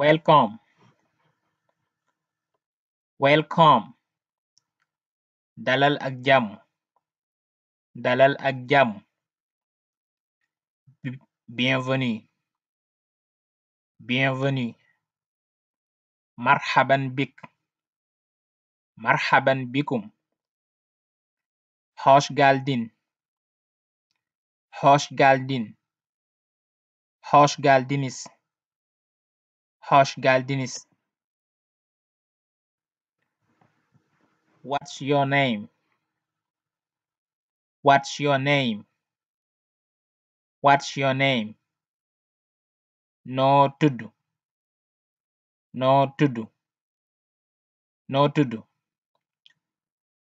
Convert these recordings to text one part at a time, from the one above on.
welcome welcome dalal ak jàmm dalal ak jàmm bienvenue bienvenue marhaban bik marhaban bikum hoş geldin hoş hoş geldiniz. What's your name? What's your name? No to No to No to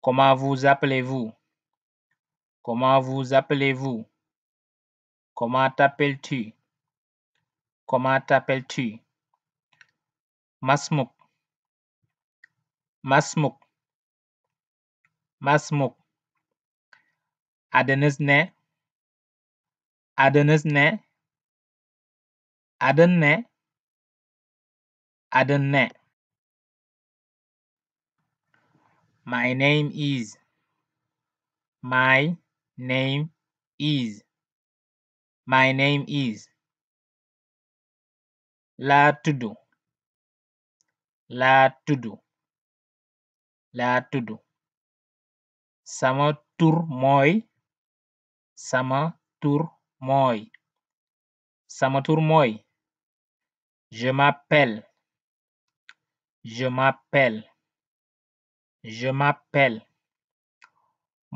Comment vous appelez-vous? Comment vous appelez-vous? Comment t'appelles-tu? Comment t'appelles-tu? masmuk masmuk masmuk adınız ne adınız ne adın ne adın ne my name is my name is my name is laa tudd laa tuddu laa sama tur mooy sama tur mooy je m'appelle je m'appelle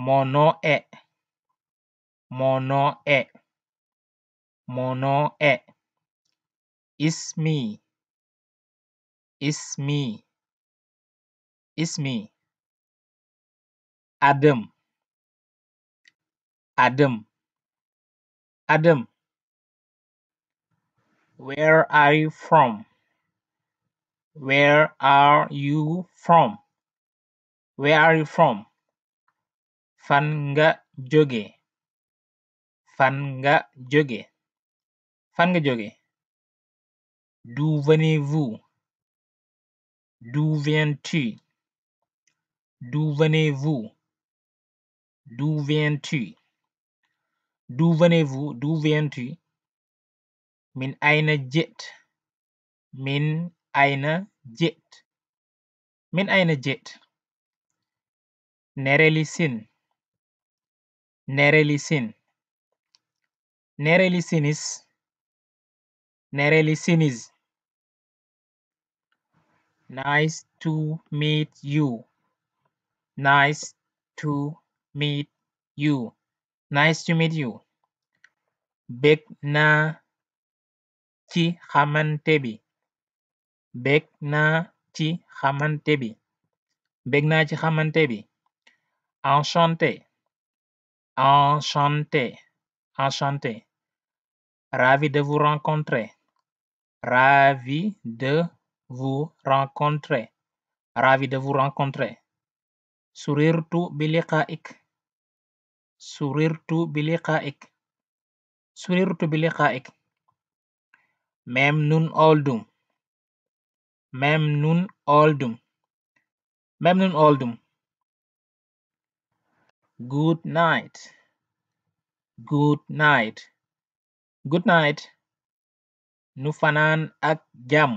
mon nom est mon nom est mon nom est Ismi ismi ismi adım adım adım where are you from where are you from where are you from fan nga jóge fan nga jóge fan nga D'où viens-tu? D'où venez-vous? D'où viens-tu? D'où venez-vous? D'où Min aina ji't? Min aina ji't? Min aina ji't? Nerelisin. Nerelisin. Nerelisin Nice to meet you. Nice to meet you. Nice to meet you. bég naa ci xamante bi. bég naa ci xamante bi. bég naa ci xamante bi. enchanté. enchanté. enchanté. ravi de vous rencontrer. ravi de vous rencontrer. Ravi de vous rencontrer. Surirtu biliqa'ik. Surirtu biliqa'ik. Surirtu biliqa'ik. Memnun oldum. Memnun oldum. Memnun oldum. Good night. Good night. Good night. Nu fanaan ak jàmm.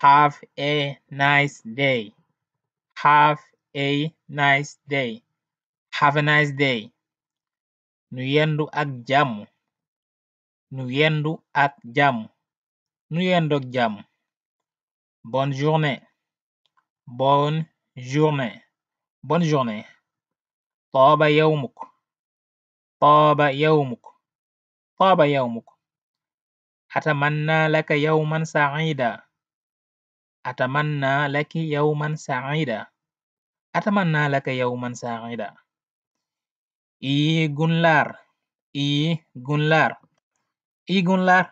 Have a nice day. Have a nice day. Have a nice day. ak jàmm. Nu ak jàmm. Nu yendu ak journée. Bonne journée. Bonne journée. طاب يومك. طاب يومك. طاب يومك. أتمنى لك يوما سعيدا. أتمنى لك يوما سعيدا أتمنى لك يوما سعيدا إي جونلار إي جونلار إي جونلار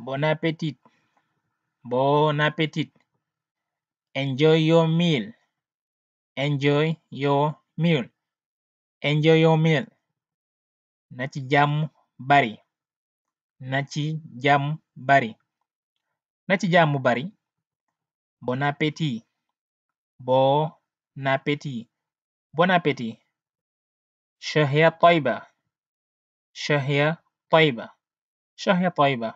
Bon appétit Bon appétit Enjoy your meal Enjoy your meal Enjoy your meal na ci jàmm bari na ci jàmm bari na ci jàmm bari bon appétit bon appétit bon appétit شهية طيبة شهية طيبة شهية طيبة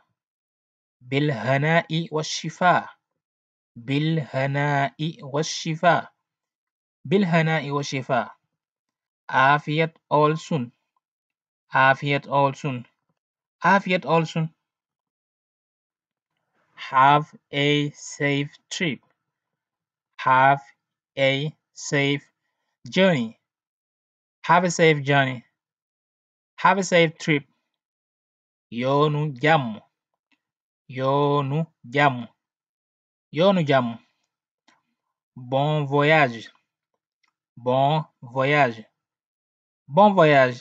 بالهناء والشفاء بالهناء والشفاء بالهناء والشفاء عافية أول سن عافية أول سن عافية أول سن Have a safe trip. Have a safe journey. Have a safe journey. Have a safe trip. Yoonu jàmm. Yoonu jàmm. Yoonu jàmm. Bon voyage. Bon voyage. Bon voyage.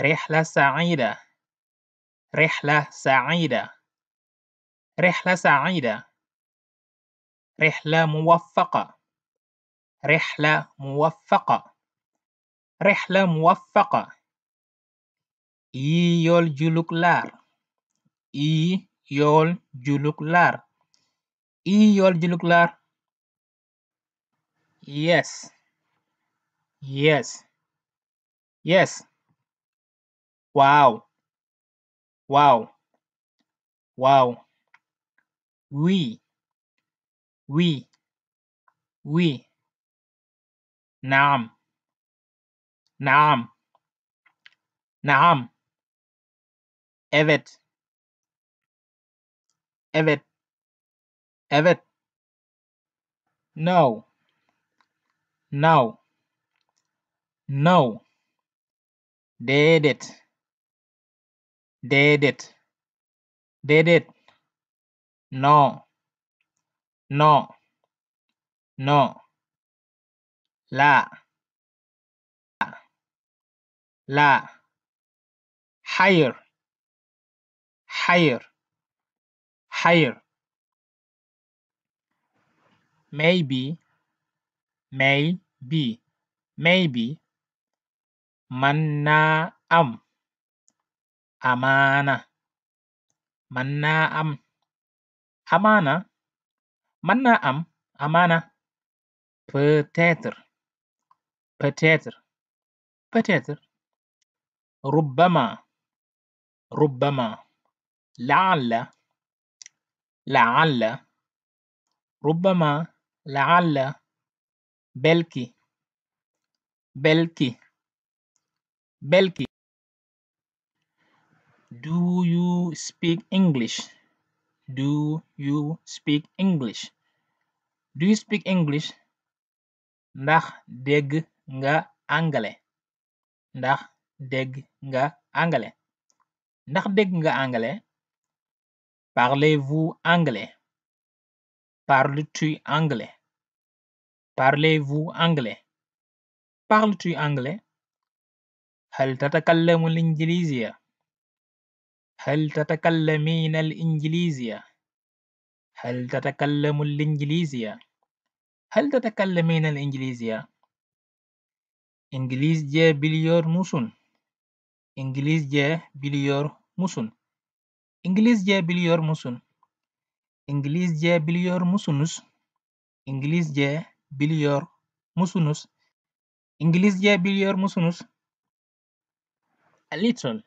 رحلة سعيدة. رحلة سعيدة. رحلة سعيدة رحلة موفقة رحلة موفقة رحلة موفقة yi yool juluk laar yool juluk laar yool juluk yes yes yes waaw waaw waaw we wii we نعم نعم نعم evet evet evet no no no did it did No, no, no. La, la. Higher, higher, higher. Maybe, maybe, maybe. Man na am. Amana. Man na am. amaana mën naa am amaana peut-être peut-être peut-être rubbama rubbama la'alla la'alla rubbama la'alla belki belki belki Do you speak English? Do you speak English? Do you speak English? Ndax dégg nga angale? Ndax dégg nga angale? Ndax dégg nga angale? Parlez-vous anglais? Parles-tu anglais? Parlez-vous anglais? Parles-tu anglais? هل تتكلم هل تتكلمين الإنجليزية؟ هل تتكلم الإنجليزية؟ هل تتكلمين الإنجليزية؟ İngilizce biliyor musun? İngilizce biliyor musun? İngilizce biliyor musun? İngilizce biliyor musunuz? İngilizce biliyor musunuz? İngilizce biliyor musunuz? A little.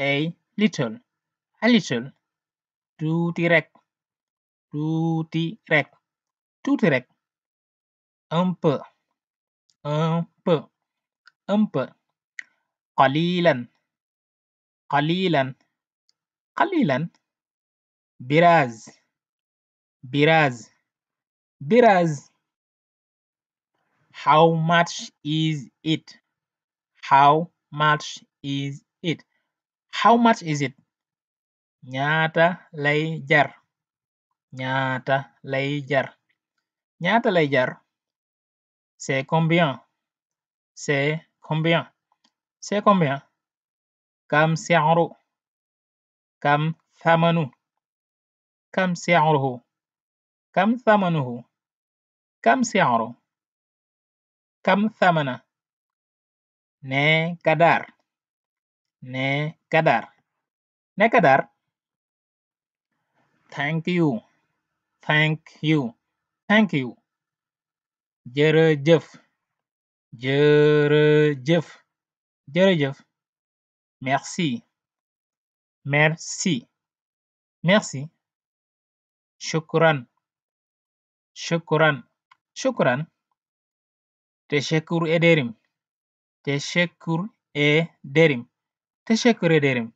A little a little tuuti rekk tuuti rekk tuuti rekk qalilan qalilan qalilan biraz biraz how much is it how much is it ñaata lay jar ñaata lay jar ñaata lay jar c'est combien c'est combien c'est combien kam si'ru kam thamanu kam si'ruhu kam thamanuhu kam si'ru kam thamana ne kadar nekadar nekadar thank you thank you thank you jërëjëf jërëjëf jërëjëf merci merci merci shukran shukran shukran teşekkür ederim teşekkür ederim Teşekkür ederim.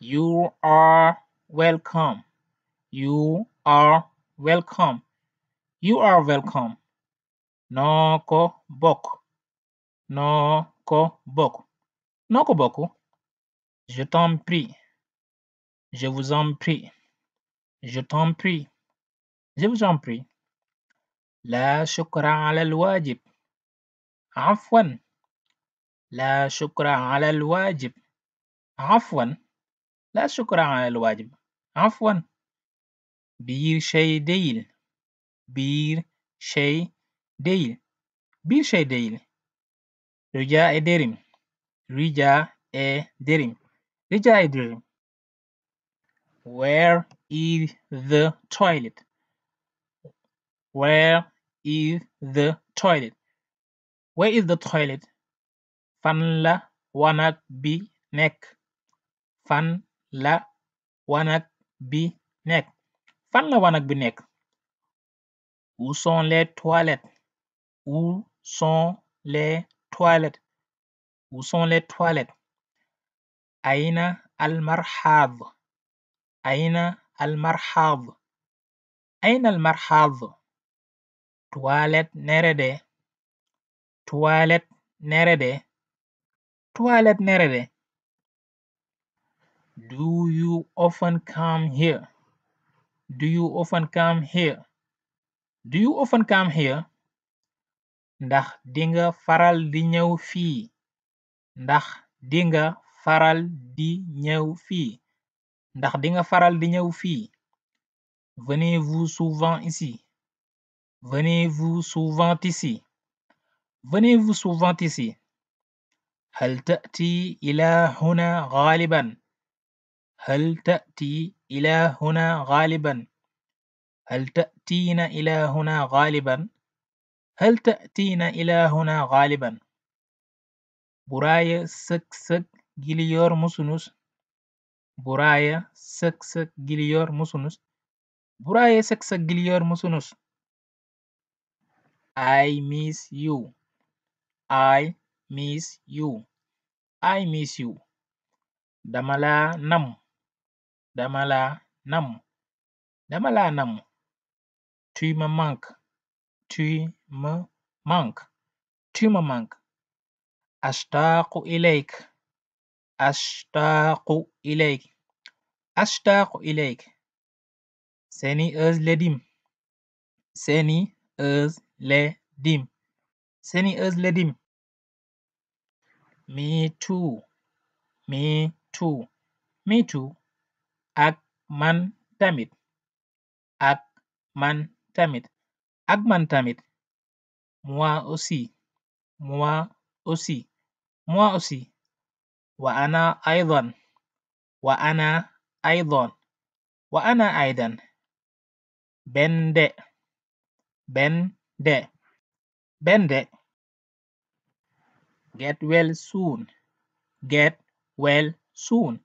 You are welcome. You are welcome. You are welcome. Noo ko bokk. Noo ko bokk. Noo ko bokk. Je t'en prie. Je vous en prie. Je t'en prie. Je vous en prie. laa shukra ala alwaajib. afwan. laa shukra ala alwaajib afwan laa shukra ala alwaajib afwan bir şey değil bir şey değil bir şey değil rica ederim rica ederim rica ederim where is the where is the toilet where is the toilet fan la wanag bi nekk fan la wanag bi nekk fan la wanag bi nekk où sont les toilettes où sont les toilettes où sont les toilettes أين المرحاض أين المرحاض nerede toilette nerede toilet nerede? Do you often come here? Do you often come here? Do you often come here? ndax dinga faral di ñëw fii ndax dinga faral di ñëw fii ndax dinga faral di ñëw fii venez souvent ici venez souvent ici هل تأتي إلى هنا غالبا هل تأتي إلى هنا غالبا هل تأتين إلى هنا غالبا هل تأتين إلى هنا غالبا Buraya sık sık geliyor musunuz? Buraya sık sık geliyor musunuz? Buraya sık sık geliyor musunuz? I miss you. I miss you I miss you dama la nam dama la nam dama la nam tu me manques tu me manques tu me manques ashtaqu ilayk ashtaqu ilayk ashtaqu ilayk seni özledim seni özledim seni özledim me too me too me too ak man tamit ak man tamit ak man tamit moi aussi moi aussi moi aussi وأنا أيضا وأنا أيضا وأنا أيضا ben de ben de ben de Get well soon. Get well soon.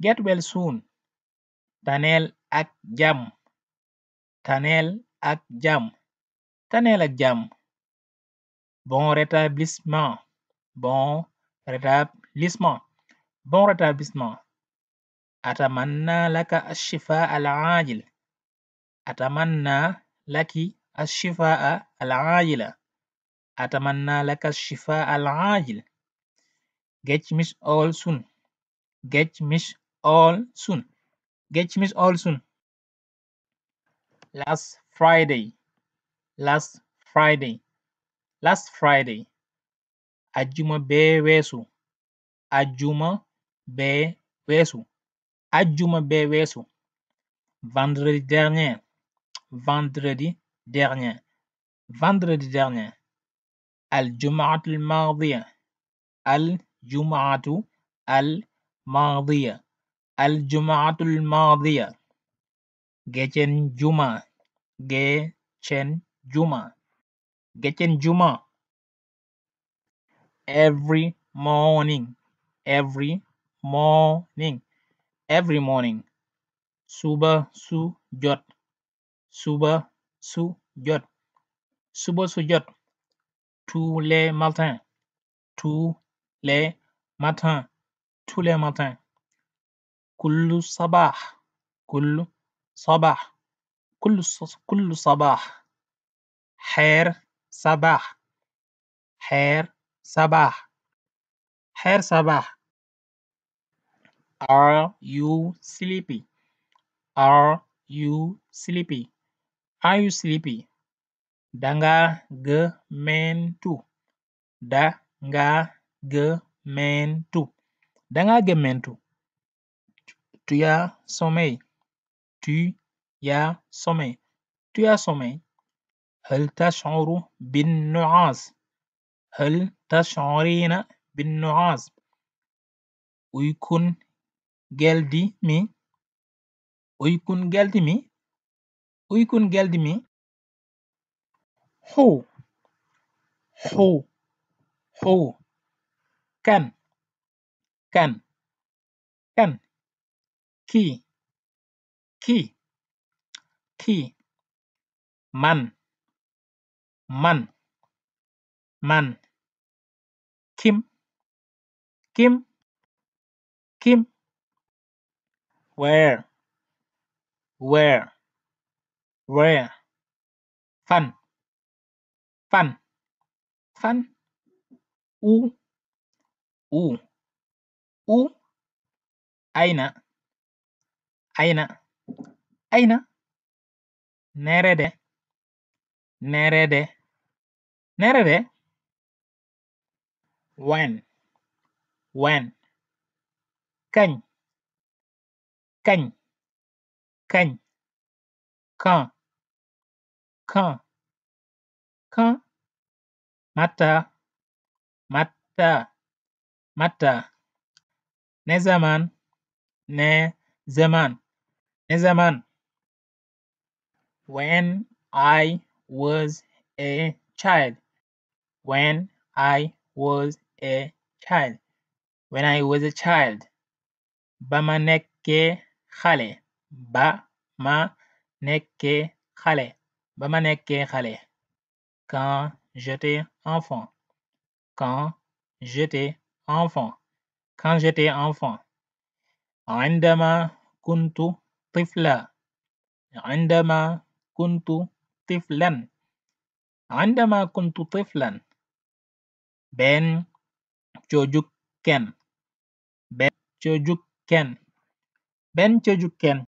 Get well soon. Taneel ak jàmm. Taneel ak jàmm. Taneel ak jàmm. Bon rétablissement. Bon rétablissement. Bon rétablissement. أتمنى لك الشفاء العاجل أتمنى لك الشفاء العاجل أتمنى na الشفاء العاجل Get me all soon. Get me all soon. Get Last Friday. Last Friday. Last Friday. Ajuma bee weesu. Ajuma bee weesu. Ajuma bee weesu. Vendredi dernier. Vendredi dernier. Vendredi dernier. الجمعة الماضية الجمعة الماضية الجمعة الماضية geçen cuma geçen cuma geçen cuma every morning every morning suba suba su jot suba su jot tous les matins, tous les matins, tous les matins. كل صباح, كل صباح, كل كل صباح. حير صباح, حير صباح, حير صباح. Are you danga gëmmentu danga gëmmentu danga gëmmentu tu as sommeil tu as sommeil tu as sommeil هل تشعر بالنعاس هل تشعرين بالنعاس uykun geldi mi uykun geldi mi uykun geldi mi حو حو حو كم كم كم كي كي كي من من من كم كم كم where where where fun fan fan u u u aina aina aina nerede nerede nerede when when kañ kañ kañ quand quand Mata Mata Mata ne zaman ne zaman ne zaman when I was a child when I was a child when I was a child ba ma nekkee xale ba ma nekkee xale ba ma nekkee xale. quand j'étais enfant, quand j'étais enfant, quand j'étais enfant. عندما كنت طفلا عندما كنت طفلا عندما كنت طفلا ben çocukken ben çocukken ben çocukken